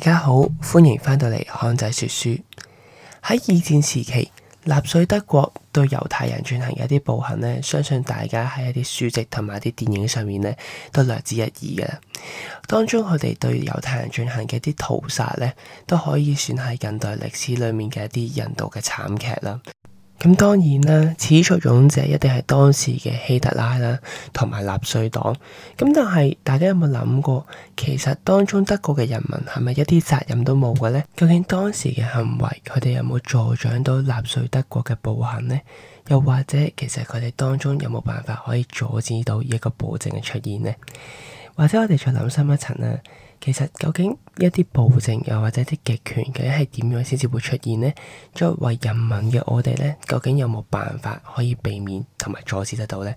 大家好，歡迎翻到嚟《漢仔說書》。喺二戰時期，納粹德國對猶太人進行嘅一啲暴行咧，相信大家喺一啲書籍同埋一啲電影上面咧，都略知一二嘅。當中佢哋對猶太人進行嘅一啲屠殺咧，都可以算係近代歷史裏面嘅一啲人道嘅慘劇啦。咁當然啦，始作俑者一定係當時嘅希特拉啦，同埋納粹黨。咁但係大家有冇諗過，其實當中德國嘅人民係咪一啲責任都冇嘅呢？究竟當時嘅行為，佢哋有冇助長到納粹德國嘅暴行呢？又或者其實佢哋當中有冇辦法可以阻止到呢一個暴政嘅出現呢？或者我哋再諗深一層呢。其實究竟一啲暴政又或者啲極權究竟係點樣先至會出現呢？作為人民嘅我哋呢，究竟有冇辦法可以避免同埋阻止得到呢？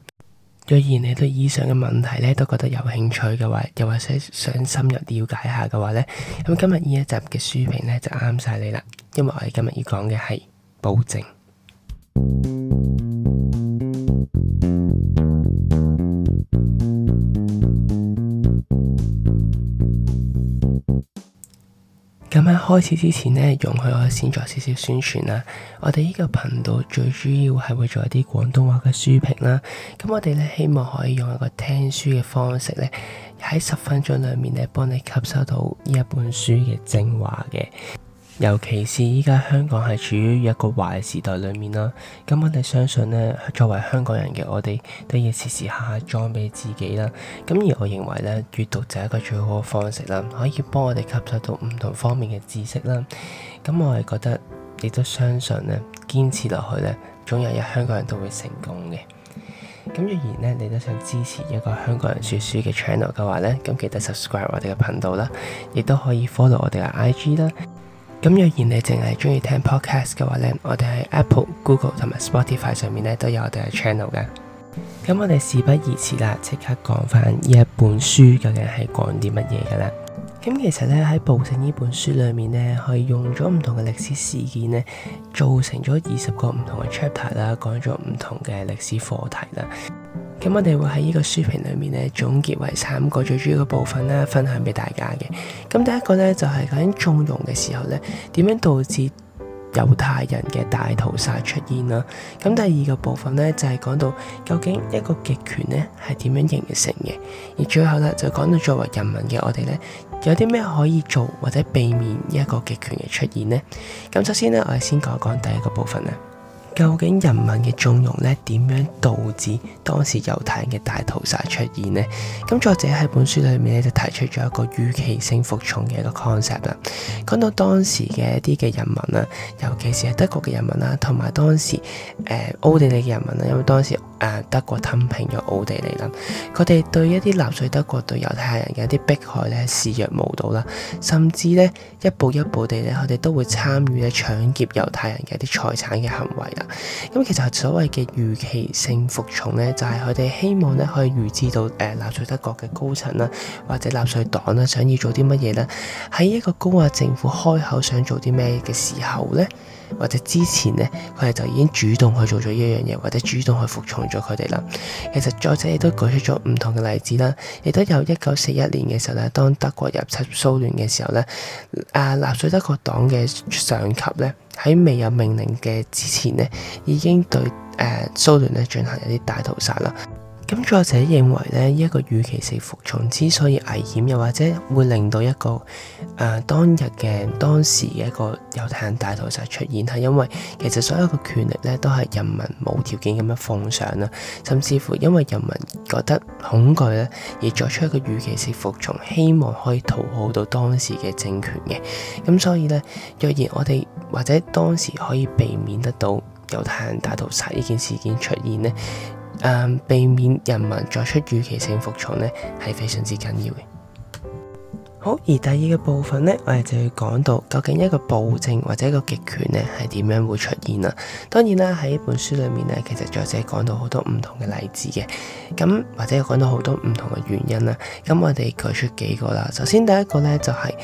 若然你對以上嘅問題呢，都覺得有興趣嘅話，又或者想深入了解下嘅話呢，咁今日呢一集嘅書評呢，就啱晒你啦，因為我哋今日要講嘅係暴政。 開始之前呢，容許我先做少少宣傳啦。我哋呢個頻道最主要係會做一啲廣東話嘅書評啦。咁我哋呢，希望可以用一個聽書嘅方式呢，喺十分鐘裏面呢，幫你吸收到呢一本書嘅精華嘅。尤其是依家香港係處於一個壞時代裏面啦，咁我哋相信呢，作為香港人嘅我哋，都要時時刻刻裝備自己啦。咁而我認為呢，閱讀就係一個最好嘅方式啦，可以幫我哋吸收到唔同方面嘅知識啦。咁我係覺得，亦都相信呢，堅持落去呢，總有一日香港人都會成功嘅。咁若然呢，你都想支持一個香港人說書嘅 channel 嘅話呢，咁記得 subscribe 我哋嘅頻道啦，亦都可以 follow 我哋嘅 IG 啦。咁若然你淨係中意聽 podcast 嘅話呢，我哋喺 Apple、Google 同埋 Spotify 上面呢，都有我哋嘅 channel 嘅。咁我哋事不宜遲啦，即刻講翻呢一本書究竟係講啲乜嘢㗎啦。咁其實呢，喺《暴政》呢本書裏面呢，係用咗唔同嘅歷史事件呢，做成咗二十個唔同嘅 chapter 啦，講咗唔同嘅歷史課題啦。咁我哋會喺呢個書評裏面咧總結為三個最主要嘅部分啦，分享俾大家嘅。咁第一個咧就係究竟縱容嘅時候咧，點樣導致猶太人嘅大屠殺出現啦。咁第二個部分咧就係講到究竟一個極權咧係點樣形成嘅？而最後咧就講到作為人民嘅我哋咧有啲咩可以做或者避免呢一個極權嘅出現呢？咁首先咧我哋先講講第一個部分啦。究竟人民嘅縱容咧，點樣導致當時猶太人嘅大屠殺出現呢？咁作者喺本書裏面咧就提出咗一個預期性服從嘅一個 concept 啦。講到當時嘅一啲嘅人民啦，尤其是係德國嘅人民啦，同埋當時誒奧地利嘅人民啦，因為當時誒、呃、德國吞併咗奧地利啦，佢哋對一啲納粹德國對猶太人嘅一啲迫害咧視若無睹啦，甚至咧一步一步地咧，佢哋都會參與咧搶劫猶太人嘅一啲財產嘅行為。咁其實所謂嘅預期性服從咧，就係佢哋希望咧可以預知到誒納粹德國嘅高層啦，或者納粹黨啦，想要做啲乜嘢啦。喺一個高壓政府開口想做啲咩嘅時候咧，或者之前咧，佢哋就已經主動去做咗呢樣嘢，或者主動去服從咗佢哋啦。其實作者亦都舉出咗唔同嘅例子啦，亦都有一九四一年嘅時候咧，當德國入侵蘇聯嘅時候咧，啊、呃、納粹德國黨嘅上級咧。喺未有命令嘅之前呢，已經對誒蘇聯咧進行一啲大屠殺啦。咁作者認為呢一個預期式服從之所以危險，又或者會令到一個誒、呃、當日嘅當時嘅一個猶太人大屠殺出現，係因為其實所有嘅權力呢都係人民無條件咁樣奉上啦，甚至乎因為人民覺得恐懼呢而作出一個預期式服從，希望可以討好到當時嘅政權嘅。咁所以呢，若然我哋或者當時可以避免得到猶太人大屠殺呢件事件出現呢。誒、嗯，避免人民作出預期性服從呢係非常之緊要嘅。好，而第二個部分呢，我哋就要講到究竟一個暴政或者一個極權呢係點樣會出現啦？當然啦，喺本書裏面呢，其實作者講到好多唔同嘅例子嘅，咁或者講到好多唔同嘅原因啦。咁我哋舉出幾個啦，首先第一個呢，就係、是。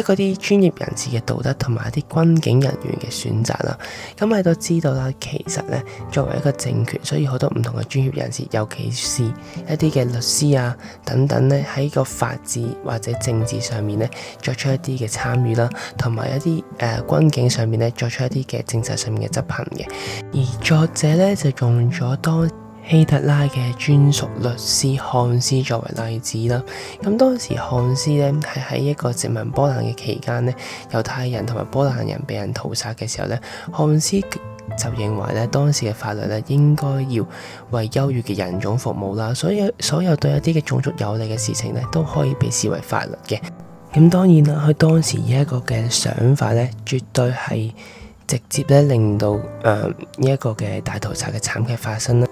一啲專業人士嘅道德同埋一啲軍警人員嘅選擇啦，咁、嗯、我哋都知道啦，其實咧作為一個政權，所以好多唔同嘅專業人士，尤其是一啲嘅律師啊等等咧喺個法治或者政治上面咧作出一啲嘅參與啦，同埋一啲誒、呃、軍警上面咧作出一啲嘅政策上面嘅執行嘅，而作者咧就用咗當。希特拉嘅專屬律師漢斯作為例子啦，咁當時漢斯呢係喺一個殖民波蘭嘅期間呢，猶太人同埋波蘭人被人屠殺嘅時候呢，漢斯就認為呢當時嘅法律呢應該要為優越嘅人種服務啦，所以所有對一啲嘅種族有利嘅事情呢都可以被視為法律嘅。咁當然啦，佢當時呢一個嘅想法呢，絕對係直接咧令到誒呢一個嘅大屠殺嘅慘劇發生啦。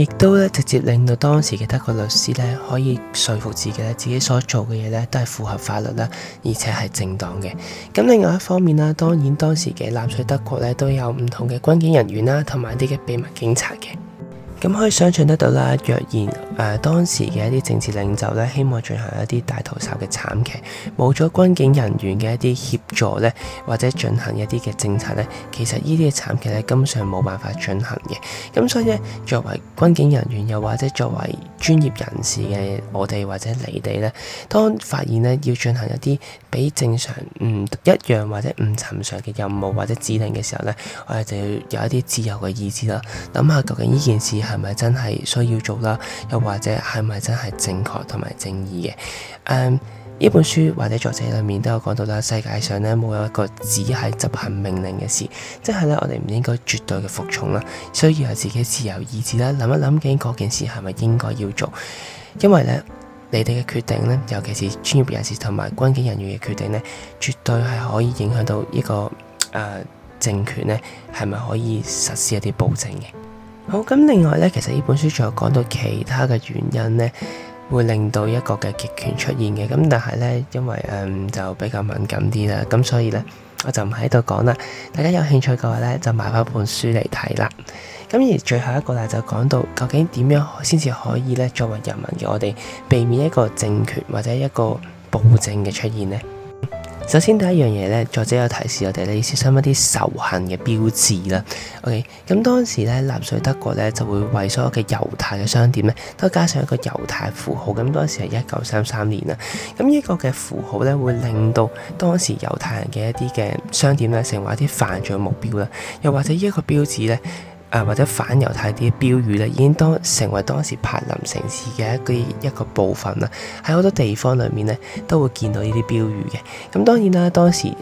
亦都咧直接令到當時嘅德國律師咧，可以說服自己咧，自己所做嘅嘢咧都係符合法律啦，而且係正當嘅。咁另外一方面啦，當然當時嘅納粹德國咧都有唔同嘅軍警人員啦，同埋啲嘅秘密警察嘅。咁可以想象得到啦，若然誒、呃、當時嘅一啲政治領袖咧，希望進行一啲大屠殺嘅慘劇，冇咗軍警人員嘅一啲協助咧，或者進行一啲嘅政策咧，其實呢啲嘅慘劇咧，根本上冇辦法進行嘅。咁所以咧，作為軍警人員又或者作為專業人士嘅我哋或者你哋咧，當發現咧要進行一啲俾正常唔一樣或者唔尋常嘅任務或者指令嘅時候呢，我哋就要有一啲自由嘅意志啦。諗下究竟呢件事係咪真係需要做啦？又或者係咪真係正確同埋正義嘅？um, 呢本書或者作者裡面都有講到啦。世界上呢冇有一個只係執行命令嘅事，即係呢，我哋唔應該絕對嘅服從啦，需要有自己自由意志啦。諗一諗究竟嗰件事係咪應該要做？因為呢。你哋嘅決定咧，尤其是專業人士同埋軍警人員嘅決定咧，絕對係可以影響到呢個誒、呃、政權咧，係咪可以實施一啲暴政嘅？好，咁另外呢，其實呢本書仲有講到其他嘅原因呢會令到一個嘅極權出現嘅。咁但係呢，因為誒、嗯、就比較敏感啲啦，咁所以呢。我就唔喺度講啦，大家有興趣嘅話咧，就買翻本書嚟睇啦。咁而最後一個咧，就講到究竟點樣先至可以咧，作為人民嘅我哋避免一個政權或者一個暴政嘅出現呢。首先第一樣嘢咧，作者有提示我哋要小心一啲仇恨嘅標誌啦。OK，咁當時咧，納粹德國咧就會為所有嘅猶太嘅商店咧都加上一個猶太符號。咁當時係一九三三年啦。咁呢一個嘅符號咧，會令到當時猶太人嘅一啲嘅商店咧成為一啲犯罪目標啦。又或者呢一個標誌咧。誒、啊、或者反猶太啲標語咧，已經當成為當時柏林城市嘅一個一個部分啦。喺好多地方裏面咧，都會見到呢啲標語嘅。咁、嗯、當然啦，當時誒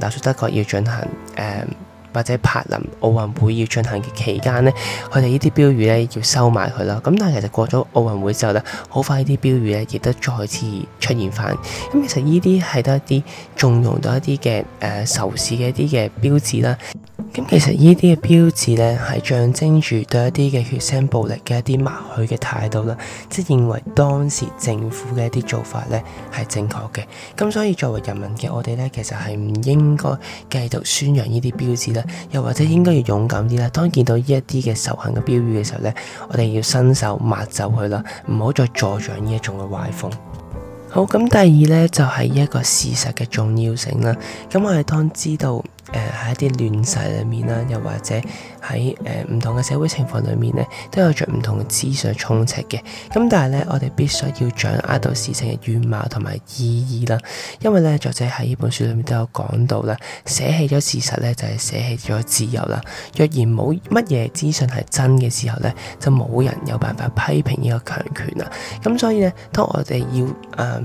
納粹德國要進行誒、呃、或者柏林奧運會要進行嘅期間咧，佢哋呢啲標語咧要收埋佢啦。咁但係其實過咗奧運會之後咧，好快啲標語咧亦都再次出現返。咁、嗯、其實呢啲係都一啲縱容到一啲嘅誒仇視嘅一啲嘅標誌啦。咁其實呢啲嘅標誌呢，係象徵住對一啲嘅血腥暴力嘅一啲默許嘅態度啦，即係認為當時政府嘅一啲做法呢係正確嘅。咁所以作為人民嘅我哋呢，其實係唔應該繼續宣揚呢啲標誌咧，又或者應該要勇敢啲啦。當見到呢一啲嘅仇恨嘅標語嘅時候呢，我哋要伸手抹走佢啦，唔好再助長呢一種嘅壞風。好，咁第二呢，就係呢一個事實嘅重要性啦。咁我哋當知道。誒喺、呃、一啲亂世裏面啦，又或者喺誒唔同嘅社會情況裏面咧，都有着唔同嘅資訊充斥嘅。咁但係咧，我哋必須要掌握到事情嘅原貌同埋意義啦。因為咧，作者喺呢本書裏面都有講到啦，捨棄咗事實咧就係捨棄咗自由啦。若然冇乜嘢資訊係真嘅時候咧，就冇人有辦法批評呢個強權啦。咁所以咧，當我哋要誒。呃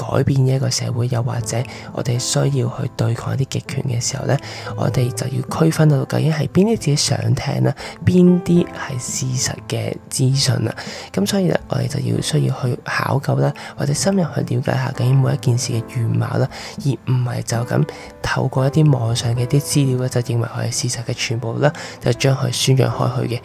改變一個社會，又或者我哋需要去對抗一啲極權嘅時候呢，我哋就要區分到究竟係邊啲自己想聽啦，邊啲係事實嘅資訊啦。咁所以咧，我哋就要需要去考究啦，或者深入去了解下究竟每一件事嘅原貌啦，而唔係就咁透過一啲網上嘅啲資料咧，就認為我哋係事實嘅全部啦，就將佢宣揚開去嘅。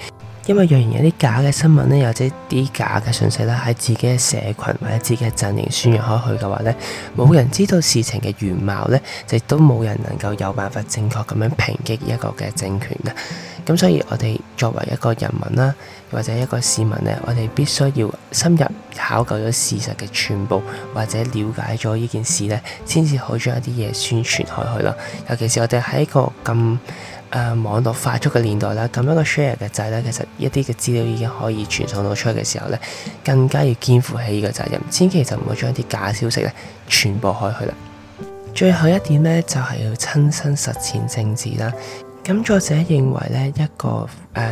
因為若然有啲假嘅新聞呢，或者啲假嘅信息呢，喺自己嘅社群或者自己嘅陣營宣揚開去嘅話呢，冇人知道事情嘅原貌呢，就都冇人能夠有辦法正確咁樣評擊一個嘅政權嘅。咁所以，我哋作為一個人民啦，或者一個市民呢，我哋必須要深入考究咗事實嘅全部，或者了解咗呢件事呢，先至可以將一啲嘢宣傳開去囉。尤其是我哋喺一個咁。誒網絡快速嘅年代啦，咁一個 share 嘅掣咧，其實一啲嘅資料已經可以傳送到出去嘅時候咧，更加要肩負起呢個責任，千祈就唔好將啲假消息咧傳播開去啦。最後一點咧，就係要親身實踐政治啦。咁作者認為咧，一個誒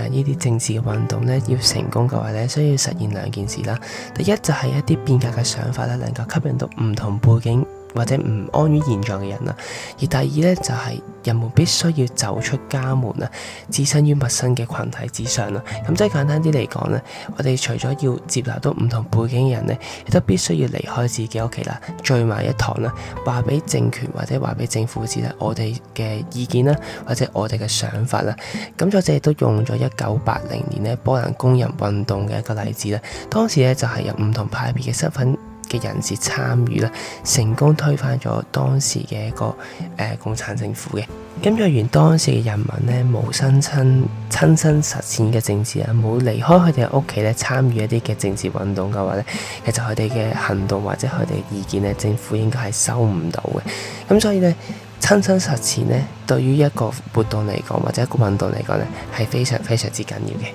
呢啲政治嘅運動咧，要成功嘅話咧，需要實現兩件事啦。第一就係一啲變革嘅想法咧，能夠吸引到唔同背景。或者唔安於現狀嘅人啦，而第二呢，就係人們必須要走出家門啊，置身於陌生嘅群體之上啦。咁即係簡單啲嚟講呢，我哋除咗要接納到唔同背景嘅人呢，亦都必須要離開自己屋企啦，聚埋一堂啦，話俾政權或者話俾政府知得我哋嘅意見啦，或者我哋嘅想法啦。咁作者亦都用咗一九八零年呢波蘭工人運動嘅一個例子啦。當時呢，就係有唔同派別嘅身份嘅人士參與咧，成功推翻咗當時嘅一個誒、呃、共產政府嘅。咁若然當時嘅人民咧，冇身親親身實踐嘅政治啊，冇離開佢哋嘅屋企咧，參與一啲嘅政治運動嘅話咧，其實佢哋嘅行動或者佢哋嘅意見咧，政府應該係收唔到嘅。咁所以咧，親身實踐咧，對於一個活動嚟講，或者一個運動嚟講咧，係非常非常之緊要嘅。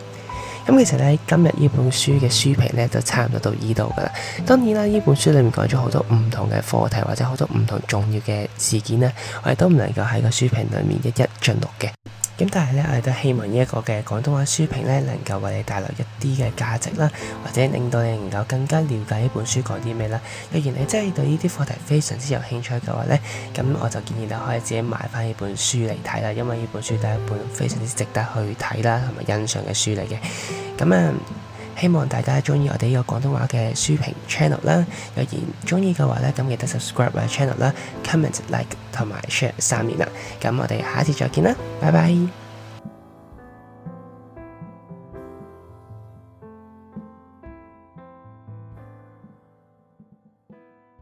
咁其實咧，今日呢本書嘅書評咧，就差唔多到呢度噶啦。當然啦，呢本書裡面講咗好多唔同嘅課題，或者好多唔同重要嘅事件咧，我哋都唔能夠喺個書評裡面一一盡錄嘅。咁但係咧，我哋都希望呢一個嘅廣東話書評咧，能夠為你帶來一啲嘅價值啦，或者令到你能夠更加了解呢本書講啲咩啦。若然你真係對呢啲課題非常之有興趣嘅話咧，咁我就建議你可以自己買返呢本書嚟睇啦，因為呢本書都係一本非常之值得去睇啦同埋欣賞嘅書嚟嘅。咁啊～希望大家鍾意我哋呢個廣東話嘅書評 channel 啦，若然鍾意嘅話咧，咁記得 subscribe 我 channel 啦，comment like 同埋 share 三連啊！咁我哋下一次再見啦，拜拜。